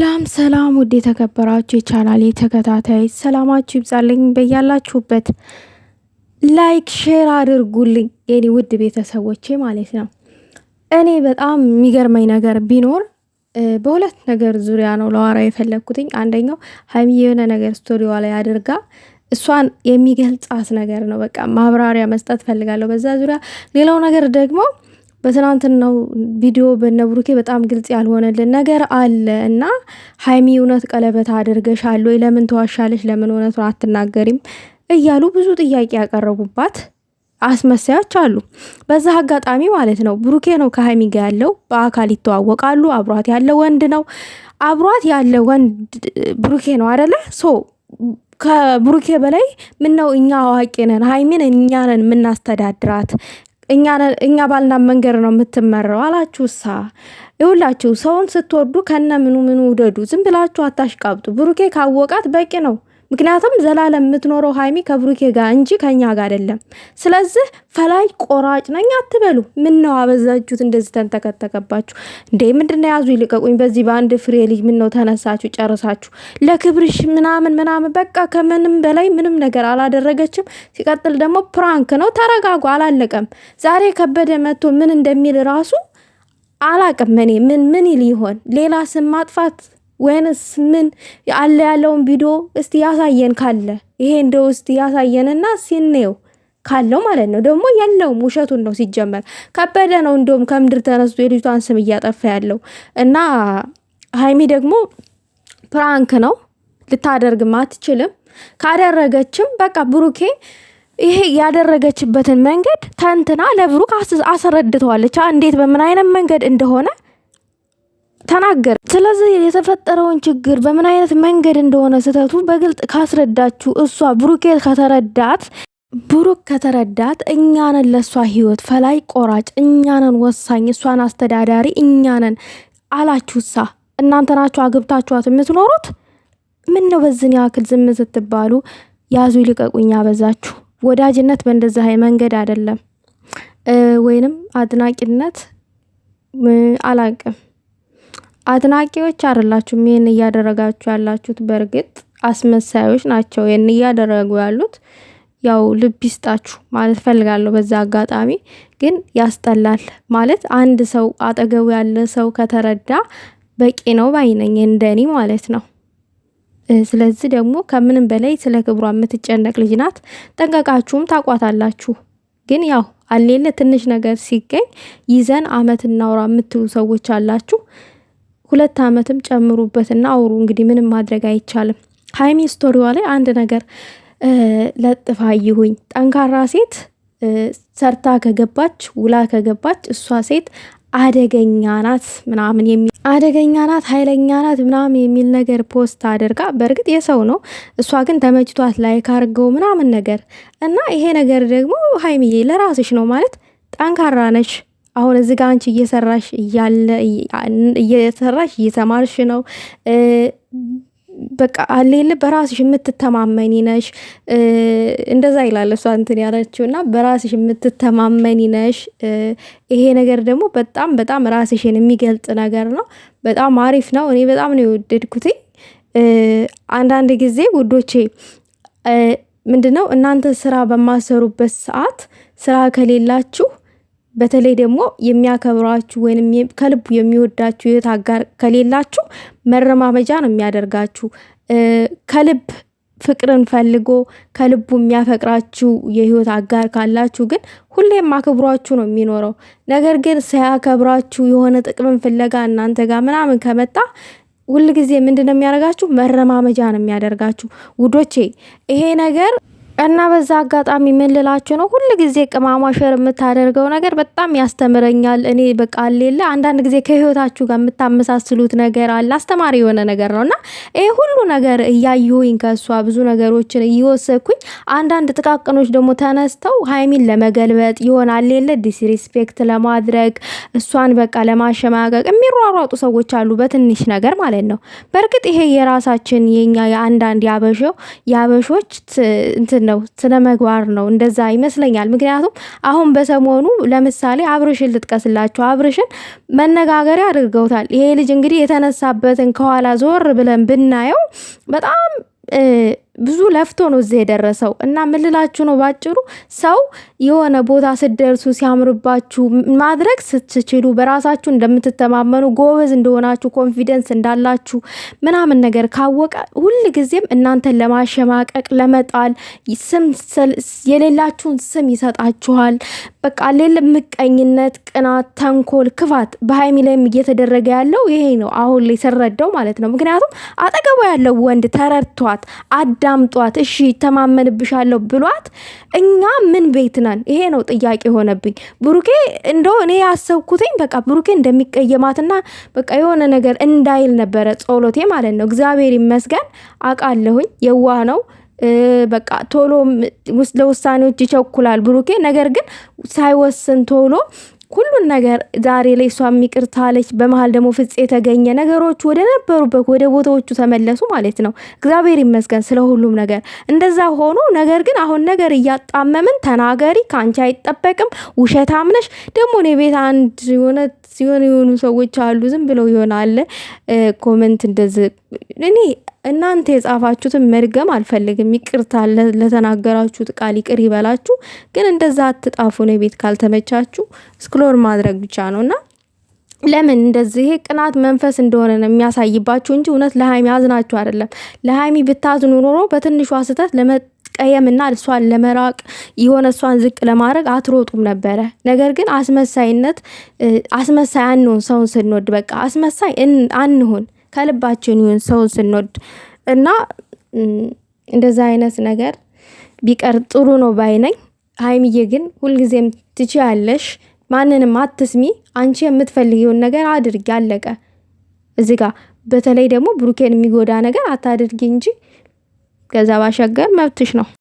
ሰላም ሰላም ውድ የተከበራችሁ የቻናሌ ተከታታይ ሰላማችሁ ይብዛልኝ። በያላችሁበት ላይክ ሼር አድርጉልኝ የኔ ውድ ቤተሰቦቼ ማለት ነው። እኔ በጣም የሚገርመኝ ነገር ቢኖር በሁለት ነገር ዙሪያ ነው ለዋራ የፈለግኩትኝ። አንደኛው ሀይሚ የሆነ ነገር ስቶሪዋ ላይ አድርጋ እሷን የሚገልጻት ነገር ነው። በቃ ማብራሪያ መስጠት ፈልጋለሁ በዛ ዙሪያ። ሌላው ነገር ደግሞ በትናንትናው ቪዲዮ በነብሩኬ በጣም ግልጽ ያልሆነልን ነገር አለ እና ሀይሚ እውነት ቀለበት አድርገሻል ወይ? ለምን ተዋሻለች? ለምን እውነቱን አትናገሪም? እያሉ ብዙ ጥያቄ ያቀረቡባት አስመሳዮች አሉ። በዛ አጋጣሚ ማለት ነው ብሩኬ ነው ከሀይሚ ጋ ያለው በአካል ይተዋወቃሉ። አብሯት ያለ ወንድ ነው። አብሯት ያለ ወንድ ብሩኬ ነው አደለ? ሶ ከብሩኬ በላይ ምነው እኛ አዋቂ ነን፣ ሀይሚን እኛ ነን የምናስተዳድራት እኛ ባልና መንገድ ነው የምትመራው አላችሁሳ። ይሁላችሁ ሰውን ስትወዱ ከነ ምኑ ምኑ ውደዱ። ዝም ብላችሁ አታሽቃብጡ። ብሩኬ ካወቃት በቂ ነው። ምክንያቱም ዘላለም የምትኖረው ሀይሚ ከብሩኬ ጋር እንጂ ከኛ ጋር አይደለም። ስለዚህ ፈላይ ቆራጭ ነኝ አትበሉ። ምን ነው አበዛችሁት? እንደዚህ ተንተከተከባችሁ እንዴ? ምንድን ነው ያዙ ይልቀቁኝ። በዚህ በአንድ ፍሬ ልጅ ምን ነው ተነሳችሁ ጨርሳችሁ፣ ለክብርሽ ምናምን ምናምን። በቃ ከምንም በላይ ምንም ነገር አላደረገችም። ሲቀጥል ደግሞ ፕራንክ ነው። ተረጋጉ፣ አላለቀም። ዛሬ ከበደ መጥቶ ምን እንደሚል ራሱ አላቅም። እኔ ምን ምን ይል ይሆን ሌላ ስም ማጥፋት ወይንስ ምን አለ ያለውን ቪዲዮ እስቲ ያሳየን ካለ ይሄ እንደው እስቲ ያሳየንና ሲኔው ካለው ማለት ነው። ደግሞ የለውም፣ ውሸቱን ነው። ሲጀመር ከበደ ነው እንደውም ከምድር ተነስቶ የልጅቷን ስም እያጠፋ ያለው እና ሀይሚ ደግሞ ፕራንክ ነው ልታደርግም አትችልም። ካደረገችም በቃ ብሩኬ ይሄ ያደረገችበትን መንገድ ተንትና ለብሩክ አስረድተዋለች እንዴት በምን አይነት መንገድ እንደሆነ ተናገረ። ስለዚህ የተፈጠረውን ችግር በምን አይነት መንገድ እንደሆነ ስህተቱ በግልጥ ካስረዳችሁ እሷ ብሩኬ ከተረዳት ብሩክ ከተረዳት እኛንን ለእሷ ህይወት ፈላይ ቆራጭ እኛንን ወሳኝ እሷን አስተዳዳሪ እኛንን አላችሁሳ እናንተ ናችሁ አግብታችኋት የምትኖሩት ምን ነው በዝን ያክል ዝም ስትባሉ ያዙ ይልቀቁኝ አበዛችሁ ወዳጅነት በእንደዚህ መንገድ አይደለም ወይንም አድናቂነት አላቅም አድናቂዎች አይደላችሁም ይህን እያደረጋችሁ ያላችሁት። በእርግጥ አስመሳዮች ናቸው ይህን እያደረጉ ያሉት። ያው ልብ ይስጣችሁ ማለት ፈልጋለሁ። በዛ አጋጣሚ ግን ያስጠላል ማለት አንድ ሰው አጠገቡ ያለ ሰው ከተረዳ በቂ ነው ባይነኝ እንደኔ ማለት ነው። ስለዚህ ደግሞ ከምንም በላይ ስለ ክብሯ የምትጨነቅ ልጅ ናት። ጠንቀቃችሁም ታቋታላችሁ። ግን ያው አሌለ ትንሽ ነገር ሲገኝ ይዘን አመት እናውራ የምትሉ ሰዎች አላችሁ። ሁለት ዓመትም ጨምሩበትና አውሩ። እንግዲህ ምንም ማድረግ አይቻልም። ሀይሚ ስቶሪዋ ላይ አንድ ነገር ለጥፋ ይሁኝ ጠንካራ ሴት ሰርታ ከገባች ውላ ከገባች እሷ ሴት አደገኛ ናት ምናምን የሚ አደገኛ ናት ኃይለኛ ናት ምናምን የሚል ነገር ፖስት አድርጋ፣ በእርግጥ የሰው ነው እሷ ግን ተመችቷት ላይ ካርገው ምናምን ነገር እና ይሄ ነገር ደግሞ ሀይሚዬ ለራስሽ ነው ማለት ጠንካራ ነች አሁን እዚህ ጋር አንቺ እየሰራሽ እያለ እየሰራሽ እየተማርሽ ነው። በቃ አሌል በራስሽ የምትተማመኒ ነሽ፣ እንደዛ ይላል እሷ እንትን ያለችው እና በራስሽ የምትተማመኒ ነሽ። ይሄ ነገር ደግሞ በጣም በጣም ራስሽን የሚገልጥ ነገር ነው። በጣም አሪፍ ነው። እኔ በጣም ነው የወደድኩት። አንዳንድ ጊዜ ውዶቼ ምንድነው እናንተ ስራ በማሰሩበት ሰዓት ስራ ከሌላችሁ በተለይ ደግሞ የሚያከብራችሁ ወይም ከልቡ የሚወዳችሁ የት አጋር ከሌላችሁ መረማመጃ ነው የሚያደርጋችሁ። ከልብ ፍቅርን ፈልጎ ከልቡ የሚያፈቅራችሁ የህይወት አጋር ካላችሁ ግን ሁሌም አክብሯችሁ ነው የሚኖረው። ነገር ግን ሳያከብራችሁ የሆነ ጥቅምን ፍለጋ እናንተ ጋር ምናምን ከመጣ ሁልጊዜ ምንድን ነው የሚያደርጋችሁ? መረማመጃ ነው የሚያደርጋችሁ። ውዶቼ ይሄ ነገር እና በዛ አጋጣሚ ምን ነው፣ ሁል ጊዜ ቅማሟ ሸር የምታደርገው ነገር በጣም ያስተምረኛል። እኔ በቃ ሌለ አንዳንድ ጊዜ ከህይወታችሁ ጋር የምታመሳስሉት ነገር አለ፣ አስተማሪ የሆነ ነገር ነው እና ይህ ሁሉ ነገር እያየሁኝ ከእሷ ብዙ ነገሮችን እየወሰድኩኝ፣ አንዳንድ ጥቃቅኖች ደግሞ ተነስተው ሀይሚን ለመገልበጥ ይሆናል ሌለ ዲስሪስፔክት ለማድረግ እሷን በቃ ለማሸማቀቅ የሚሯሯጡ ሰዎች አሉ፣ በትንሽ ነገር ማለት ነው። በእርግጥ ይሄ የራሳችን የኛ የአንዳንድ ያበሾች እንትን ነው፣ ስነ መግባር ነው። እንደዛ ይመስለኛል። ምክንያቱም አሁን በሰሞኑ ለምሳሌ አብርሽን ልጥቀስላቸው አብርሽን መነጋገሪያ አድርገውታል። ይሄ ልጅ እንግዲህ የተነሳበትን ከኋላ ዞር ብለን ብናየው በጣም ብዙ ለፍቶ ነው እዚህ የደረሰው እና ምልላችሁ ነው ባጭሩ፣ ሰው የሆነ ቦታ ስደርሱ ሲያምርባችሁ ማድረግ ስትችሉ በራሳችሁ እንደምትተማመኑ ጎበዝ እንደሆናችሁ ኮንፊደንስ እንዳላችሁ ምናምን ነገር ካወቀ ሁል ጊዜም እናንተን ለማሸማቀቅ ለመጣል ስም የሌላችሁን ስም ይሰጣችኋል። በቃ ሌል ምቀኝነት፣ ቅናት፣ ተንኮል፣ ክፋት በሀይሚ ላይም እየተደረገ ያለው ይሄ ነው አሁን ላይ ስረዳው ማለት ነው። ምክንያቱም አጠገቧ ያለው ወንድ ተረድቷት አዳ አዳምጧት፣ እሺ ተማመንብሻለሁ ብሏት። እኛ ምን ቤት ነን? ይሄ ነው ጥያቄ ሆነብኝ። ብሩኬ እንደው እኔ ያሰብኩትኝ በቃ ብሩኬ እንደሚቀየማትና በቃ የሆነ ነገር እንዳይል ነበረ ጸሎቴ ማለት ነው። እግዚአብሔር ይመስገን አቃለሁኝ። የዋህ ነው። በቃ ቶሎ ለውሳኔዎች ይቸኩላል ብሩኬ። ነገር ግን ሳይወስን ቶሎ ሁሉን ነገር ዛሬ ላይ እሷም ይቅርታ አለች። በመሀል ደግሞ ፍጽ የተገኘ ነገሮች ወደ ነበሩበት ወደ ቦታዎቹ ተመለሱ ማለት ነው። እግዚአብሔር ይመስገን ስለ ሁሉም ነገር። እንደዛ ሆኖ ነገር ግን አሁን ነገር እያጣመምን ተናገሪ፣ ከአንቺ አይጠበቅም፣ ውሸታም ነሽ። ደግሞ እኔ ቤት አንድ የሆነ ሲሆን የሆኑ ሰዎች አሉ ዝም ብለው ይሆናል ኮመንት እንደዚህ እኔ እናንተ የጻፋችሁትን መድገም አልፈልግም። ይቅርታ ለተናገራችሁት ቃል ይቅር ይበላችሁ። ግን እንደዛ አትጣፉ ነው ቤት ካልተመቻችሁ ኤክስፕሎር ማድረግ ብቻ ነው እና ለምን እንደዚህ ቅናት መንፈስ እንደሆነ ነው የሚያሳይባችሁ እንጂ እውነት ለሀይሚ አዝናችሁ አይደለም። ለሀይሚ ብታዝኑ ኖሮ በትንሿ ስህተት እና እሷን ለመራቅ የሆነ እሷን ዝቅ ለማድረግ አትሮጡም ነበረ። ነገር ግን አስመሳይነት አስመሳይ አንሆን። ሰውን ስንወድ በቃ አስመሳይ አንሆን፣ ከልባችን ይሁን ሰውን ስንወድ እና እንደዛ አይነት ነገር ቢቀር ጥሩ ነው ባይነኝ። ሀይሚዬ ግን ሁልጊዜም ትችያለሽ። ማንንም አትስሚ፣ አንቺ የምትፈልጊውን ነገር አድርጊ፣ አለቀ። እዚ ጋ በተለይ ደግሞ ብሩኬን የሚጎዳ ነገር አታድርጊ እንጂ ከዛ ባሻገር መብትሽ ነው።